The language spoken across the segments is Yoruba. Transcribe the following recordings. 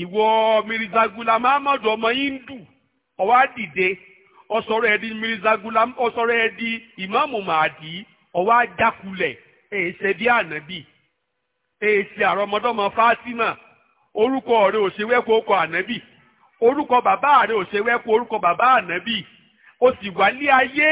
ìwọ Mirizagula muhammadu ọmọ hindu ọwa dìde ọsọrọ ẹ di mirizagulam ọsọrọ ẹ di ìmáàmù màdì ọwá jákulẹ̀ èyí ṣe bí ànábì èyí ṣe àrọmọdọ́mọ fátímà orúkọ rẹ ò ṣe wẹ́kọ̀ ọkọ̀ ànábì orúkọ bàbá rẹ ò ṣe wẹ́kọ̀ orúkọ bàbá ànábì ó sì wálé ayé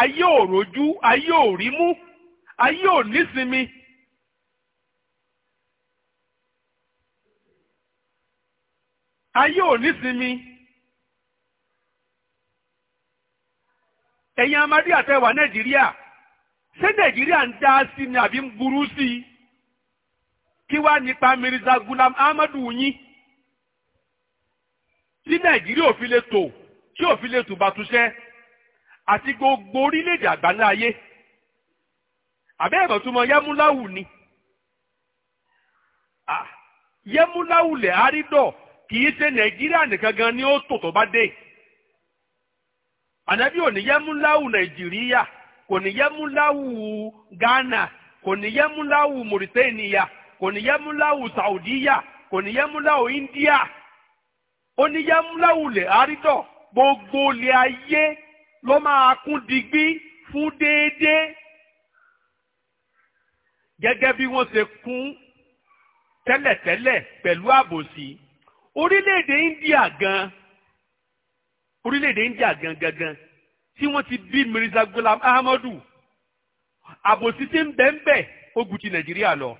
ayé òròjú ayé òrímú ayé ònísinmi. ayé ò nísinmi ẹ̀yin amadi àtẹwà nàìjíríà ṣé nàìjíríà ń dá sí ni àbí ń burú sí i kí nípa ahmadu yín tí nàìjíríà ò lè tò tí àti gbogbo orílẹ̀-èdè àgbáńlá ayé àbẹ́ẹ̀bọ̀ tó yẹmúláwù ni ah, kì í ṣe nàìjíríà nìkan gan ni ó tò tó bá dé ànábì ò ní yẹmúláwù nàìjíríà kò ní yẹmúláwù ghana kò ní yẹmúláwù mauritania kò ní yẹmúláwù saudiya kò ní yẹmúláwù india ó ní yẹmúláwù lè àrídọ̀ gbogbo lè ayé ló máa kún digbí fún déédéé gẹ́gẹ́ bí wọ́n ṣe kún tẹ́lẹ̀tẹ́lẹ̀ pẹ̀lú àbòsí orílẹ̀-èdè India gan orílẹ̀-èdè India gan gangan tí wọ́n ti bí Mirza Ghulam Ahmadu àbòsí ti ń bẹ́ ń bẹ́ ogun ti Nàìjíríà lọ.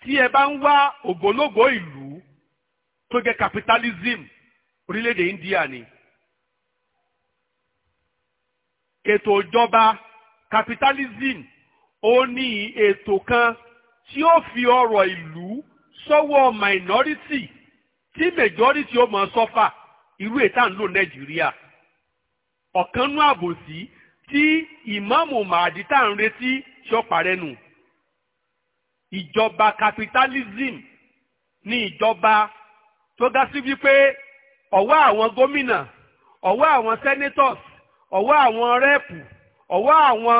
tí ẹ bá ń wá ògbólógbò ìlú tó jẹ́ capitalism orílẹ̀-èdè India ni ètò ìjọba capitalism ó ní ètò kan tí ó fi ọrọ̀ ìlú sọ́wọ́ minority tí majority ó mọ sọ́fà irú ètà ń lò nàìjíríà ọ̀kanú àbòsí tí ìmáàmù màdí tá à ń retí ṣọ́parẹ́ nù ìjọba capitalism ní ìjọba tó ga sí wípé ọwọ́ àwọn gómìnà ọwọ́ àwọn senators ọwọ́ àwọn rẹ́ẹ̀pù ọwọ́ àwọn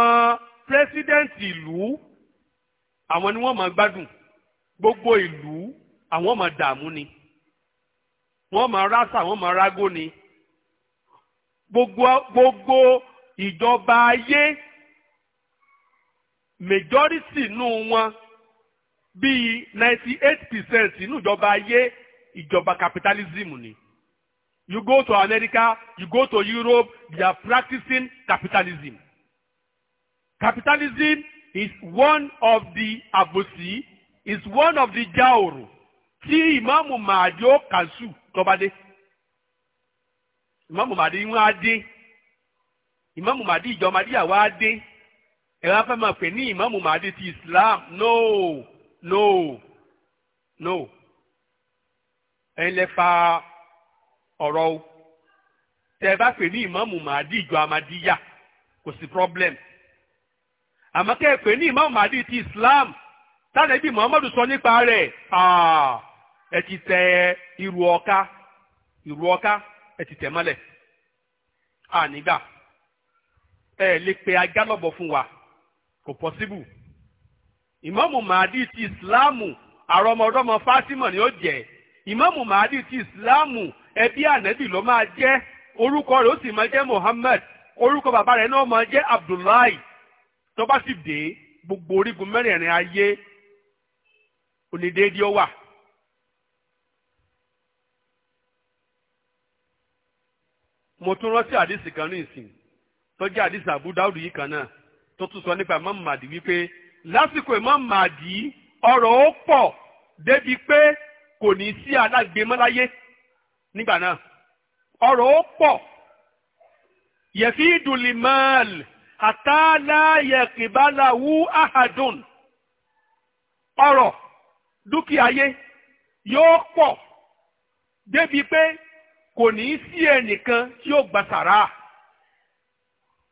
pírẹsidẹ́ǹtì ìlú àwọn ni wọ́n máa gbádùn gbogbo ìlú àwọn máa dààmú ni wọ́n máa rásà wọ́n máa rágó ni gbogbo gbogbo ìjọba ayé majority nù wọn bíi ninety eight percent nù ìjọba ayé ìjọba capitalism ni you go to America you go to Europe they are practicing capitalism capitalism is one of the àbòsí is one of the jaoro tí ìmáàmù màdí ó kàṣù tọ́badé ìmáàmù màdí wọn á dé ìmáàmù màdí ìjọ màdíyàwó á dé ẹ wá fẹ́ pè ní ìmáàmù màdí ti Islam no no no ẹ̀yin lè fa ọ̀rọ̀ o tẹ́ ẹ bá pè ní ìmáàmù màdí ìjọ àmàdíyà kò sí problem àmọ́ kẹ́ ẹ pè ní Imam Mahdi ti Islam tánàbí Muhammadu sọ nípa rẹ̀ ẹ ti tẹ irú ọ̀ka irú ọ̀ka ẹ ti tẹ̀ mọ́lẹ̀ ànígbà ẹ lè pe agálọ̀bọ̀ fún wa kò pọ́síbù Imam Mahdi ti Islam àrọmọdọ́mọ Fátímọ̀ ni ó jẹ́ Imam Mahdi ti Islam ẹbí ànábì ló máa jẹ́ orúkọ rẹ̀ ó sì máa jẹ́ Muhammad orúkọ bàbá rẹ̀ náà máa jẹ́ Abdullahi tó bá sì dé gbogbo orígun mẹ́rẹ̀ẹ̀rin ayé onídéédé ó wà. mo tún rántí àdìsí kan ní ìsìn tó jẹ́ àdìsí àbúdáwùdù yìí kan náà tó tún sọ nípa Imam Mahdi wípé lásìkò Imam Mahdi ọ̀rọ̀ ó pọ̀ débi pé kò ní sí alágbèémọ́láyé nígbà náà ọ̀rọ̀ ó pọ̀ yẹ̀fí dùlìmọ́ọ̀lì àtàláyẹ kìbáláwú ahadun ọrọ̀ dúkìá yé yóò pọ̀ débi pé kò ní sí ẹnìkan tí ó gba sàrà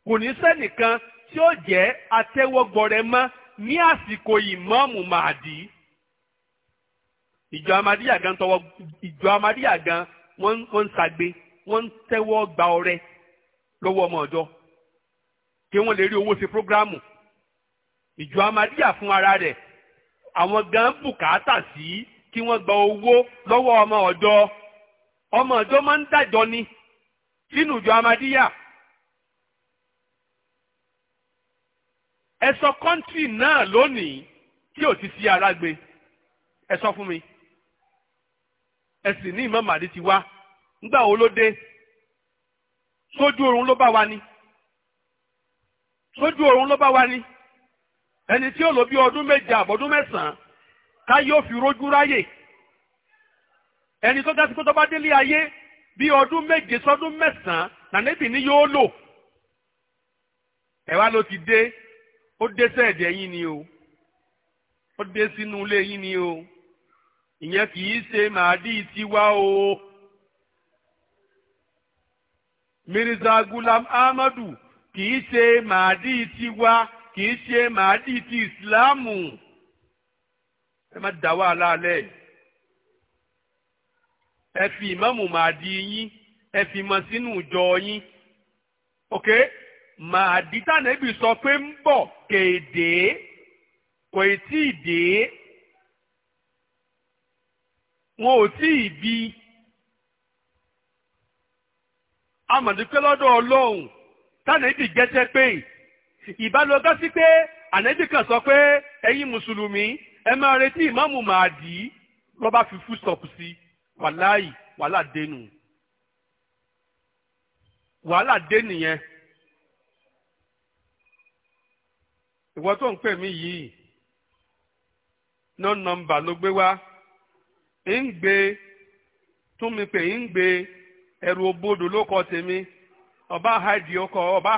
kò ní sẹ́nìkan tí ó jẹ́ atẹ́wọ́gbọrẹ mọ́ ní àsìkò ìmọ̀ọ́mù màdì ìjọ amadíyà gan tọwọ́ ìjọ amadíyà gan wọ́n ń ṣagbe wọ́n ń tẹ́wọ́ gba ọrẹ lọ́wọ́ ọmọ ọjọ́ kí wọ́n lè rí owó ṣe prógrámù ìjọ amadíyà fún ara rẹ̀ àwọn gan bùkátà sí kí wọ́n gba owó lọ́wọ́ ọmọ ọ̀dọ́ ọmọ ọ̀dọ́ máa ń dájọ́ ni sínú ìjọ amadíyà ẹ sọ kọ́ńtì náà lónìí tí ò ti sí ara gbé ẹ sọ fún mi ẹ sì ní ìmọ̀ màdí ti wá ńgbà wo ló dé sójú oorun ló bá wa ni sójú oorun ló bá wa ní ẹni tí ó lò bí ọdún méje àbọ̀dún mẹ́sàn-án ká yóò fi rojú ráyè ẹni tó dásí pé tó bá délé ayé bí ọdún méje sọdún mẹ́sàn-án nànẹ́bì ni yóò lò ẹ̀wá ló ti dé ó dé sẹ́ẹ̀dẹ̀ yín ni o ó dé sínú ilé yín ni o ìyẹn kì í ṣe màdí tiwa o Mirza Gulam Ahmadu kì í ṣe màádì tiwa kì í ṣe màádì ti ìsìláàmù ẹ má dá wàhálà lẹ̀ ẹ fi ìmáàmù màádì yín ẹ fi mọ sínú ìjọ yín ok màádì tànẹ́bì sọ pé ń bọ̀ kéde kò tí ì dé wọn ò tí ì bí amọ̀dúpẹ́ ọlọ́run tánàbì gẹ́sẹ́ pé ìbálògá sí pé ànẹ́bì kan sọ pé ẹ̀yin mùsùlùmí ẹ máa retí ìmáàmù màdí lọ́ba fi fú sọ̀pù sí wàláì wàhálà dénú wàhálà dé nìyẹn ìwọ tó ń pè mí yìí no number, ló gbé wá ń gbé tún mi pè ń gbé ẹrù obodò ló kọ tèmi. ọba hide ọkọ ọba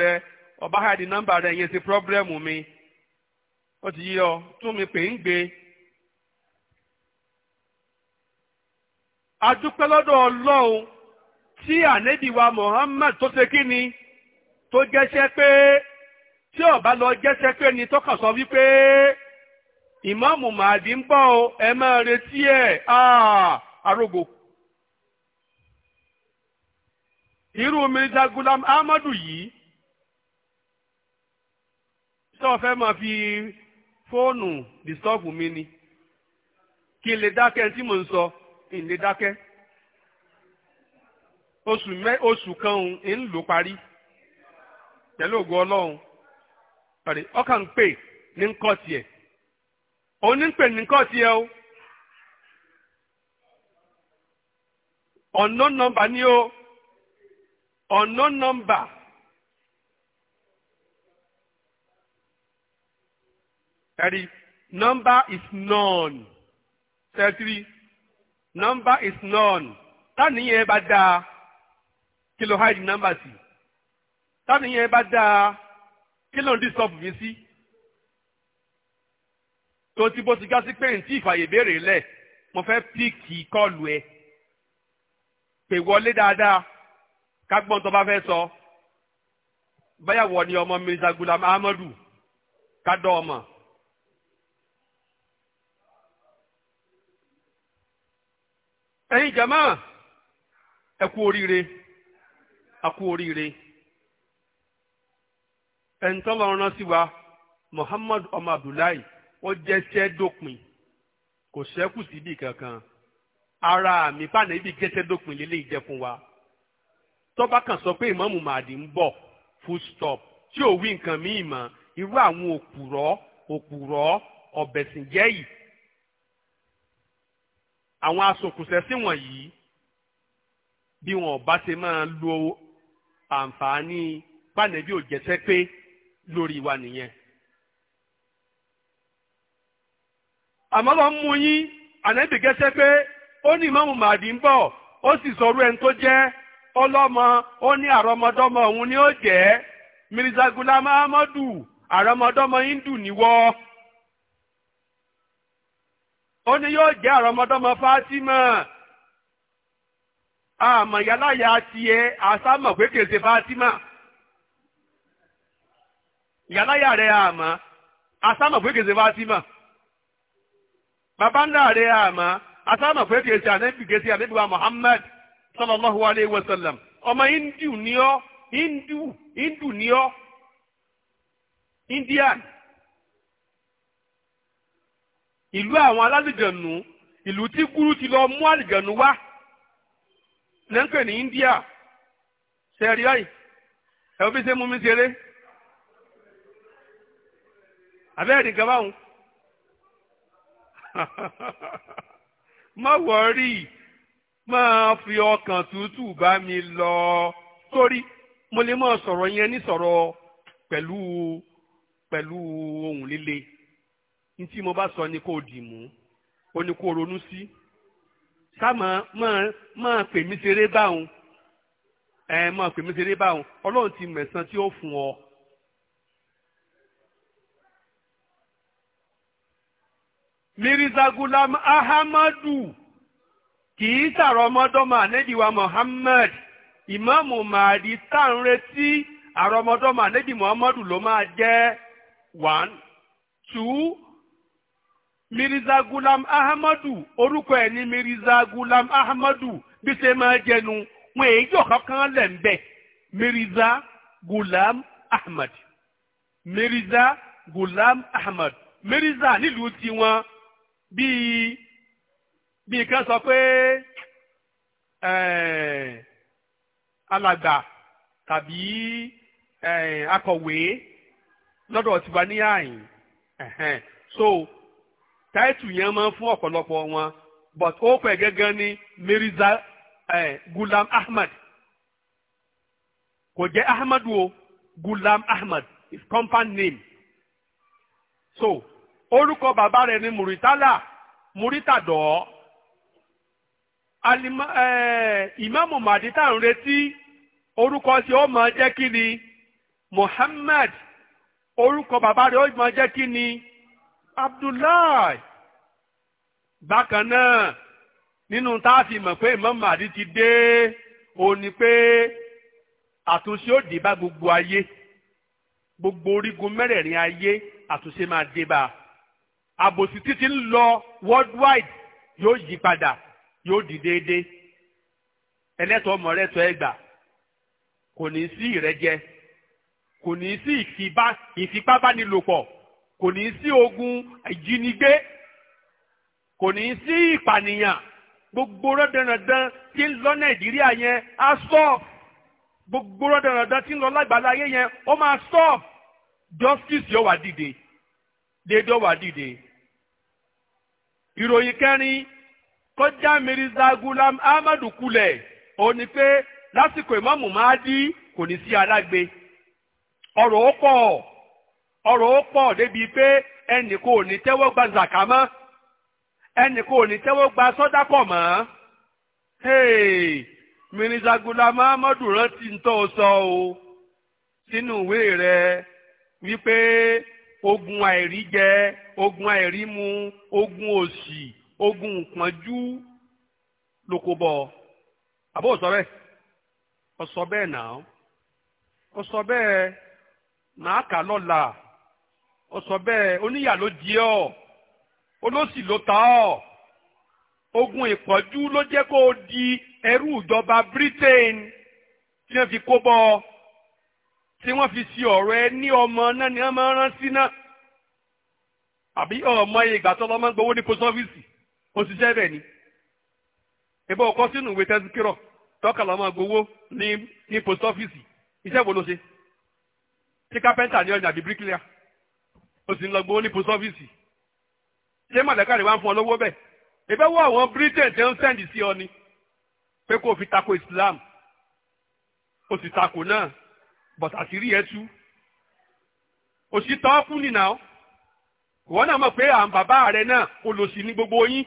rẹ ọba hide rẹ yẹn ti mi ó ti ọ tún ọlọ́run tí ànẹ́bíwa Muhammad tó ṣe kí ni tó jẹ́ṣẹ́ pé tí ọba lọ jẹ́ṣẹ́ pé ni tọ́ka sọ wípé màdí irú Mirza Gulam Ahmadu yìí tó fẹ́ máa fi fóònù disturb mi ni kí n lè dákẹ́ tí mò ń sọ n lè dákẹ́ oṣù mẹ oṣù kan ń lò parí pẹ̀lú ògo Ọlọ́run pàdé ọkàn ń pè ní ń kọ́ òun ní ń pè ní ń kọ́ o ọ̀nà nọ́mbà ni o unknown number ẹ̀rí number is known thirty number is known táníyẹn bá dáa kí hide number sí táníyẹn bá dáa kí ló ń disturb mi sí tó ti bó ti gá sí pé n tí ìfàyè béèrè lẹ̀ mo fẹ́ píìkì kọ́ọ̀lù ẹ̀ pè wọlé dáadáa kágbọ́n ba bá fẹ́ sọ báyàwó ni ọmọ Mirza Gulam Ahmadu kádọ́ ọmọ. ẹ̀yin jama ẹ kú oríire a kú oríire wa Muhammad ọmọ Abdullahi wọ́n jẹ́ sẹ́dọ̀pin kò sẹ́kù síbi kankan ara mi pàdé ibi gẹ́sẹ́dọ̀pin lélẹ́yìí jẹ́ fún wa tọ́ba kan sọ pé ìmáàmù màdì ń bọ̀ full stop tí ò wí nǹkan míì mọ́ irú àwọn òpùrọ́ òpùrọ́ ọ̀bẹ̀sìnjẹ́ yìí àwọn asòkùnsẹ́sìn wọ̀nyí bí wọn ò bá ṣe máa lo àǹfààní pàǹdẹ́bí ò jẹ́sẹ́ pé lórí wa nìyẹn. àmọ́ lọ mú yín ànẹ́bì gẹ́sẹ́ pé ó ní ìmáàmù màdì ń bọ̀ ó sì sọ̀rọ̀ ẹni tó jẹ́ ọlọ́mọ ó ní àrọmọdọ́mọ òun ni ó jẹ́ Mirza Ghulam Ahmadu àrọmọdọ́mọ hindu níwọ́ ó ní yóò jẹ́ àrọmọdọ́mọ Fatima àmọ́ tiẹ̀ àsámọ̀ pé kèsè Fatima yàláyà rẹ̀ àmọ́ àsámọ̀ pé kèsè Fatima bàbá rẹ̀ àmọ́ àsámọ̀ pé kèsè ànẹ́bì kèsè wa sallallahu alayhi wa sallam ọmọ hindu ni ọ hindu hindu ni ọ indian ìlú àwọn alálìjẹ̀nù ìlú tí kúrú ti lọ mú àlìjẹ̀nù wá lẹ́ ń pè ní india sẹ́rí ọ̀yì ẹ̀wọ́n fi ṣe mú mi ṣeré abẹ́rẹ́ nìkan má wọ̀ máa fi ọkàn tútù bá mi lọ sórí mo lè máa sọ̀rọ̀ yẹn ní sọ̀rọ̀ pẹ̀lú pẹ̀lú ohùn líle ní tí mo bá sọ ni kò dì mú o ní kò ronú sí sáàmà máa máa pè mí ṣeré báwọn ẹ máa pè mí ṣeré báwọn ọlọ́run ti mẹ̀sán tí ó fún ọ. Mirza Gulam Ahamadu kì í sàrọ̀ ọmọdọ́mọ ànẹ́dìwà Muhammad ìmáàmù màdí tá à ń retí àrọmọdọ́mọ ànẹ́dì Muhammadu ló máa jẹ́ one two Mirza Gulam Ahmadu orúkọ ẹ̀ ní Mirza Gulam Ahmadu bí ṣe máa jẹnu wọn èyí yóò kankan lẹ̀ ń bẹ̀ Mirza Gulam Ahmad Mirza Gulam Ahmad Mirza nílùú tiwọn bíi. bíi kan sọ pé eh, alàgbà tàbí eh, akọ̀wé lọ́dọ̀ tiwa ní àyìn so táìtù yẹn máa ń fún ọ̀pọ̀lọpọ̀ wọn but ó pẹ̀ gẹ́gẹ́ ní Mirza eh, Gulam Ahmad kò jẹ́ Ahmad o Gulam Ahmad his company name so orúkọ bàbá rẹ̀ ni Muritala Muritadọ́. ìmáàmù eh, màdí tá à ń retí orúkọ sí ó máa jẹ́ kí ni Muhammad orúkọ bàbá rẹ̀ ó máa jẹ́ kí ni Abdullahi bákan náà nínú tá a fi mọ̀ pé ìmáàmù màdí ti dé òun ni pé àtúnṣe ó dé bá gbogbo ayé gbogbo orígun mẹ́rẹ̀ẹ̀rin ayé àtúnṣe máa dé bá àbòsí títí ń lọ worldwide yóò yí padà yóò di déédéé ẹlẹ́tọ̀ ọmọ rẹ̀ tọ́ ẹ gbà kò ní sí ìrẹ́jẹ kò ní sí ìfipábánilòpọ̀ kò ní sí ogun ìjínigbé kò ní sí ìpànìyàn gbogbo rọ́dọ̀rọ̀dán tí ń lọ nàìjíríà yẹn á sọ gbogbo rọ́dọ̀rọ̀dán tí ń lọ lágbàlá ayé yẹn ó máa sọ justice yóò wá dìde déédéé wá dìde ìròyìn kẹrin kọjá mirza gulam ahmadu kulẹ̀ ó ní pé lásìkò ìmáàmù Mahdi kò ní sí alágbe ọ̀rọ̀ ó pọ̀ ọ̀rọ̀ ó pọ̀ débi pé ẹnì kò ní tẹ́wọ́ gba zaka mọ́ ẹnì kò ní tẹ́wọ́ gba mọ́ hey mirza gulam ahmadu rántí ń sọ o sínú ìwé rẹ wípé ogun àìrí jẹ ogun àìrí mu ogun òṣì ogun ìpọ́njú lóko bọ̀ àbó sọ bẹ́ẹ̀ ó sọ bẹ́ẹ̀ náà ó sọ bẹ́ẹ̀ náà kà lọ́la ó sọ oníyà ló di ọ́ olóṣì ló ta ọ́ ogun ìpọ́njú ló jẹ́ kó o di ẹrú ìjọba Britain tí wọ́n fi kó bọ́ ọ tí wọ́n fi ṣe ọ̀rọ̀ ẹ ní ọmọ náà ni wọ́n máa rán náà àbí ọmọ ìgbà tó lọ́mọ gbowó ní post office òṣìṣẹ́ bẹ̀ ni ìbọn ọkọ sínú ìwé tẹ́síkírọ̀ tọ́ka lọ́mọ gbowó ní ní post office iṣẹ́ wo ló ṣe ṣé kápẹ́ńtà ni ọjà àbí bíríkìlíà ó sì ń lọ gbowó ní post office ṣé màdàkàrí wá ń fún ọ lówó bẹ́ẹ̀ ìbẹ́ wọ àwọn britain tẹ́ ń sẹ́ndì sí ọ ni pé kó o fi tako Islam o sì tako náà but àṣírí ẹ tú òṣìṣẹ́ tọ́ọ́kù nìyà ìwọ náà mọ̀ pé à ń bàbá rẹ náà olòṣì ní gbogbo yín.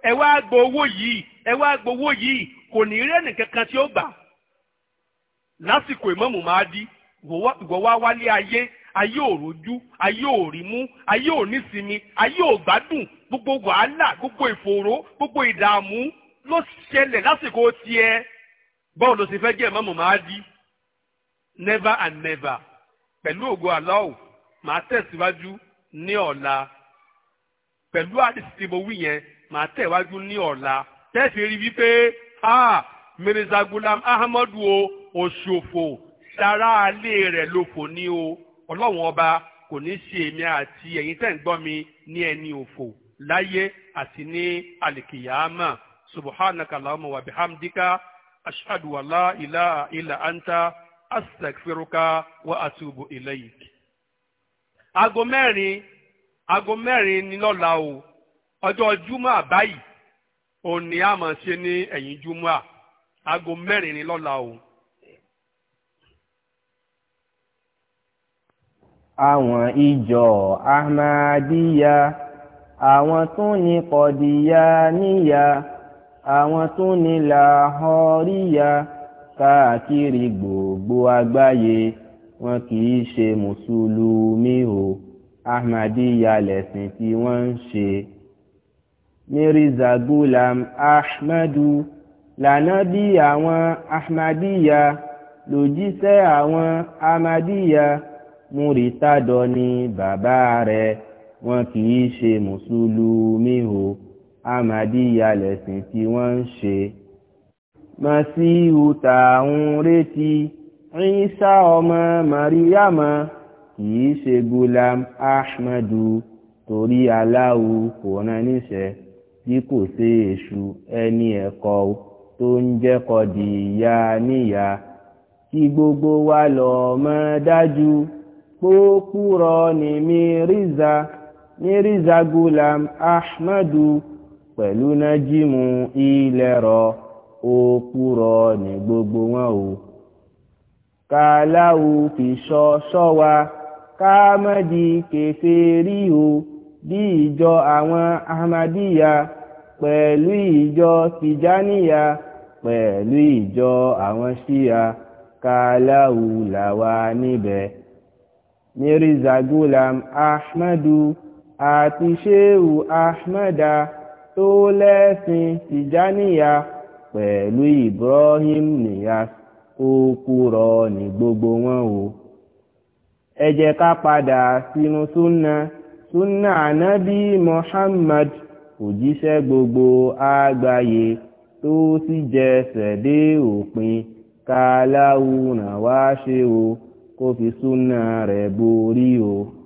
ẹ wá gbọ́ owó yìí ẹ wá gbọ́ owó yìí kò ní rí ẹnìkankan tí ó gbà lásìkò ìmọ̀mù máa dí ìwọ wá wálé ayé ayé ò rojú ayé ò rímú ayé ò nísinmi ayé ò gbádùn gbogbo wàhálà gbogbo ìfòòró gbogbo ìdààmú ló ṣẹlẹ̀ lásìkò tiẹ̀ bọ́ọ̀ ló sì fẹ́ jẹ́ ìmọ̀mù máa dí never and never pẹ̀lú ògo aláwò màá tẹ̀síwájú ní ọ̀la pẹ̀lú àdìsí tí mo wí yẹn màá tẹ̀wájú ní ọ̀la tẹ́sí rí wípé ah mirza gulam ahmadu o òṣòfò sara alẹ́ rẹ̀ lòfò ní o ọlọ́run ọba kò ní ṣe èmi àti ẹ̀yin tẹ́ ń gbọ́ mi ní ẹni òfò láyé àti ní alikiyama subhanaka allahumma wa bihamdika ashhadu wa la ilaha illa anta astaghfiruka wa atubu ilayk. aago mẹ́rin aago mẹ́rin ni lọ́la o ọjọ́ júmọ́ báyìí òun ni a máa ṣe ní ẹ̀yìn júmọ́ aago mẹ́rin ni lọ́la o. àwọn ìjọ ahmadiyya àwọn tún ní kọdíyà níyà àwọn tún ní làhọríyà káàkiri gbogbo àgbáyé wọn kì í ṣe mùsùlùmí o ahmadiyya lẹ̀sìn tí wọ́n ń ṣe mirza zagulam ahmadu lànábì àwọn ahmadiyya lòjíṣẹ́ àwọn ahmadiyya múritádọ ni bàbá rẹ̀ wọn kì í ṣe mùsùlùmí o ahmadiyya lẹ̀sìn tí wọ́n ń ṣe. masihu tààrùn retí Ìsá ọmọ mariama kì í ṣe gulam ahmadu torí Allahu kò rán níṣẹ́ tí kò ṣe èṣù ẹni ẹ̀kọ́ tó ń jẹ́kọ̀ di ìyá níyà kí gbogbo wa lọ mọ̀ dájú pókúrọ ni mírízà mírízà gulam ahmadu pẹ̀lú nájímù ilẹ̀rọ òkúrọ ni gbogbo wọn o kàláwù fi ṣọ́ ṣọ́ wa ká má di kèfèrí o bí ìjọ àwọn ahmadiyya pẹ̀lú ìjọ tijaniya pẹ̀lú ìjọ àwọn shia kàláwù làwa níbẹ̀ mirza gulam ahmadu àti sheu ahmada tó lẹ́sìn tijaniya pẹ̀lú ibrahim niyas ó kúrọ ní gbogbo wọn o ẹ jẹ́ ká padà sínú súnà. Si súnà ànábì Muhammad òjíṣẹ́ gbogbo àgbáyé tó sì jẹsẹ̀ dé òpin káláwù náà wá ṣe o kó fi súnà rẹ̀ borí o.